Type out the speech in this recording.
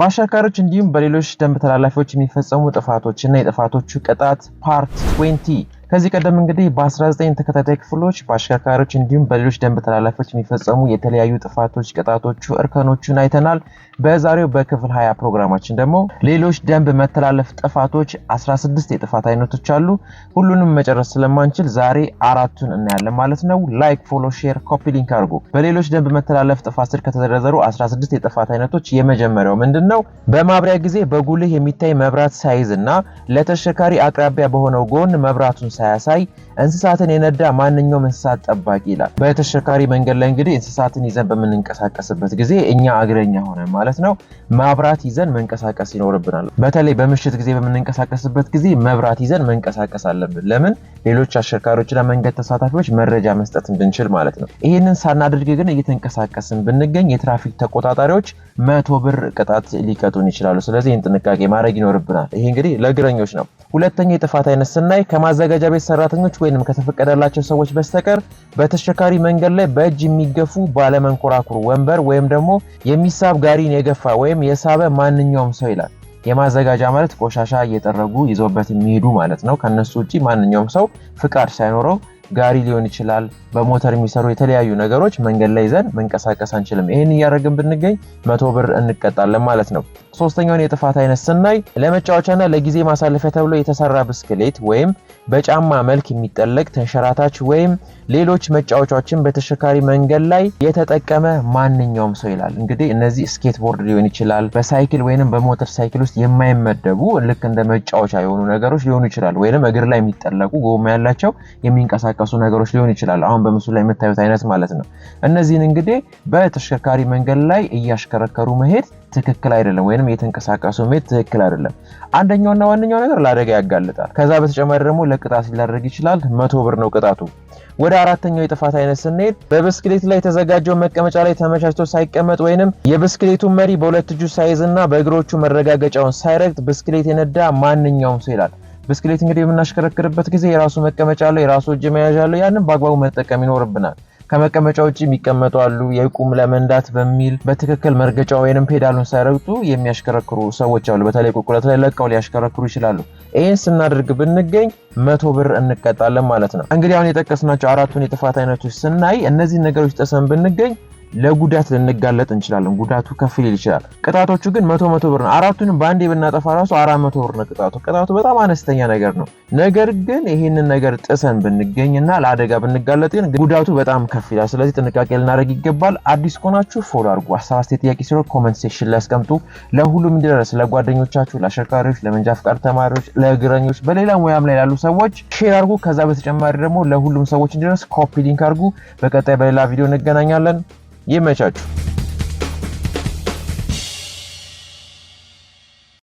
በአሽከርካሪዎች እንዲሁም በሌሎች ደንብ ተላላፊዎች የሚፈጸሙ ጥፋቶች እና የጥፋቶቹ ቅጣት ፓርት 20 ከዚህ ቀደም እንግዲህ በ19 ተከታታይ ክፍሎች በአሽከርካሪዎች እንዲሁም በሌሎች ደንብ ተላላፊዎች የሚፈጸሙ የተለያዩ ጥፋቶች፣ ቅጣቶቹ፣ እርከኖቹን አይተናል። በዛሬው በክፍል 20 ፕሮግራማችን ደግሞ ሌሎች ደንብ መተላለፍ ጥፋቶች 16 የጥፋት አይነቶች አሉ። ሁሉንም መጨረስ ስለማንችል ዛሬ አራቱን እናያለን ማለት ነው። ላይክ፣ ፎሎ፣ ሼር፣ ኮፒ ሊንክ አድርጉ። በሌሎች ደንብ መተላለፍ ጥፋት ስር ከተዘረዘሩ 16 የጥፋት አይነቶች የመጀመሪያው ምንድን ነው? በማብሪያ ጊዜ በጉልህ የሚታይ መብራት ሳይዝ እና ለተሽከርካሪ አቅራቢያ በሆነው ጎን መብራቱን ሳያሳይ እንስሳትን የነዳ ማንኛውም እንስሳት ጠባቂ ይላል። በተሽከርካሪ መንገድ ላይ እንግዲህ እንስሳትን ይዘን በምንንቀሳቀስበት ጊዜ እኛ እግረኛ ሆነን ማለት ነው መብራት ይዘን መንቀሳቀስ ይኖርብናል። በተለይ በምሽት ጊዜ በምንንቀሳቀስበት ጊዜ መብራት ይዘን መንቀሳቀስ አለብን። ለምን ሌሎች አሽከርካሪዎችና መንገድ ተሳታፊዎች መረጃ መስጠት እንድንችል ማለት ነው። ይህንን ሳናደርግ ግን እየተንቀሳቀስን ብንገኝ የትራፊክ ተቆጣጣሪዎች መቶ ብር ቅጣት ሊቀጡን ይችላሉ። ስለዚህ ይህን ጥንቃቄ ማድረግ ይኖርብናል። ይሄ እንግዲህ ለእግረኞች ነው። ሁለተኛው የጥፋት አይነት ስናይ ከማዘጋጃ ቤት ሰራተኞች ወይንም ከተፈቀደላቸው ሰዎች በስተቀር በተሽከርካሪ መንገድ ላይ በእጅ የሚገፉ ባለመንኮራኩር ወንበር ወይም ደግሞ የሚሳብ ጋሪን የገፋ ወይም የሳበ ማንኛውም ሰው ይላል። የማዘጋጃ ማለት ቆሻሻ እየጠረጉ ይዞበት የሚሄዱ ማለት ነው። ከነሱ ውጭ ማንኛውም ሰው ፍቃድ ሳይኖረው ጋሪ ሊሆን ይችላል፣ በሞተር የሚሰሩ የተለያዩ ነገሮች መንገድ ላይ ይዘን መንቀሳቀስ አንችልም። ይህን እያደረግን ብንገኝ መቶ ብር እንቀጣለን ማለት ነው። ሶስተኛውን የጥፋት አይነት ስናይ ለመጫወቻና ለጊዜ ማሳለፊያ ተብሎ የተሰራ ብስክሌት ወይም በጫማ መልክ የሚጠለቅ ተንሸራታች ወይም ሌሎች መጫወቻዎችን በተሽከርካሪ መንገድ ላይ የተጠቀመ ማንኛውም ሰው ይላል። እንግዲህ እነዚህ ስኬትቦርድ ሊሆን ይችላል፣ በሳይክል ወይም በሞተር ሳይክል ውስጥ የማይመደቡ ልክ እንደ መጫወቻ የሆኑ ነገሮች ሊሆኑ ይችላል። ወይም እግር ላይ የሚጠለቁ ጎማ ያላቸው የሚንቀሳቀሱ የሚጠቀሱ ነገሮች ሊሆን ይችላል። አሁን በምስሉ ላይ የምታዩት አይነት ማለት ነው። እነዚህን እንግዲህ በተሽከርካሪ መንገድ ላይ እያሽከረከሩ መሄድ ትክክል አይደለም፣ ወይንም የተንቀሳቀሱ መሄድ ትክክል አይደለም። አንደኛውና ዋነኛው ነገር ለአደጋ ያጋልጣል። ከዛ በተጨማሪ ደግሞ ለቅጣት ሊዳረግ ይችላል። መቶ ብር ነው ቅጣቱ። ወደ አራተኛው የጥፋት አይነት ስንሄድ በብስክሌት ላይ የተዘጋጀው መቀመጫ ላይ ተመቻችቶ ሳይቀመጥ ወይንም የብስክሌቱን መሪ በሁለት እጁ ሳይዝና በእግሮቹ መረጋገጫውን ሳይረግጥ ብስክሌት የነዳ ማንኛውም ሰው ይላል። ብስክሌት እንግዲህ የምናሽከረክርበት ጊዜ የራሱ መቀመጫ አለው፣ የራሱ እጅ መያዣ አለው። ያንን በአግባቡ መጠቀም ይኖርብናል። ከመቀመጫ ውጭ የሚቀመጡ አሉ። የቁም ለመንዳት በሚል በትክክል መርገጫ ወይንም ፔዳሉን ሳይረግጡ የሚያሽከረክሩ ሰዎች አሉ። በተለይ ቁልቁለት ላይ ለቀው ሊያሽከረክሩ ይችላሉ። ይህን ስናደርግ ብንገኝ መቶ ብር እንቀጣለን ማለት ነው። እንግዲህ አሁን የጠቀስናቸው አራቱን የጥፋት አይነቶች ስናይ እነዚህን ነገሮች ጥሰን ብንገኝ ለጉዳት ልንጋለጥ እንችላለን። ጉዳቱ ከፍ ሊል ይችላል። ቅጣቶቹ ግን መቶ መቶ ብር ነው። አራቱንም በአንዴ ብናጠፋ ራሱ አራት መቶ ብር ነው ቅጣቱ። ቅጣቱ በጣም አነስተኛ ነገር ነው። ነገር ግን ይህንን ነገር ጥሰን ብንገኝና ለአደጋ ብንጋለጥ ግን ጉዳቱ በጣም ከፍ ይላል። ስለዚህ ጥንቃቄ ልናደርግ ይገባል። አዲስ ከሆናችሁ ፎሎ አድርጉ። አሳስቴ ጥያቄ ሲኖር ኮመንት ሴክሽን ላይ ለሁሉም እንዲደረስ ለጓደኞቻችሁ፣ ለአሽከርካሪዎች፣ ለመንጃ ፍቃድ ተማሪዎች፣ ለእግረኞች፣ በሌላ ሙያም ላይ ላሉ ሰዎች ሼር አድርጉ። ከዛ በተጨማሪ ደግሞ ለሁሉም ሰዎች እንዲደረስ ኮፒ ሊንክ አድርጉ። በቀጣይ በሌላ ቪዲዮ እንገናኛለን። Yeme çaçu.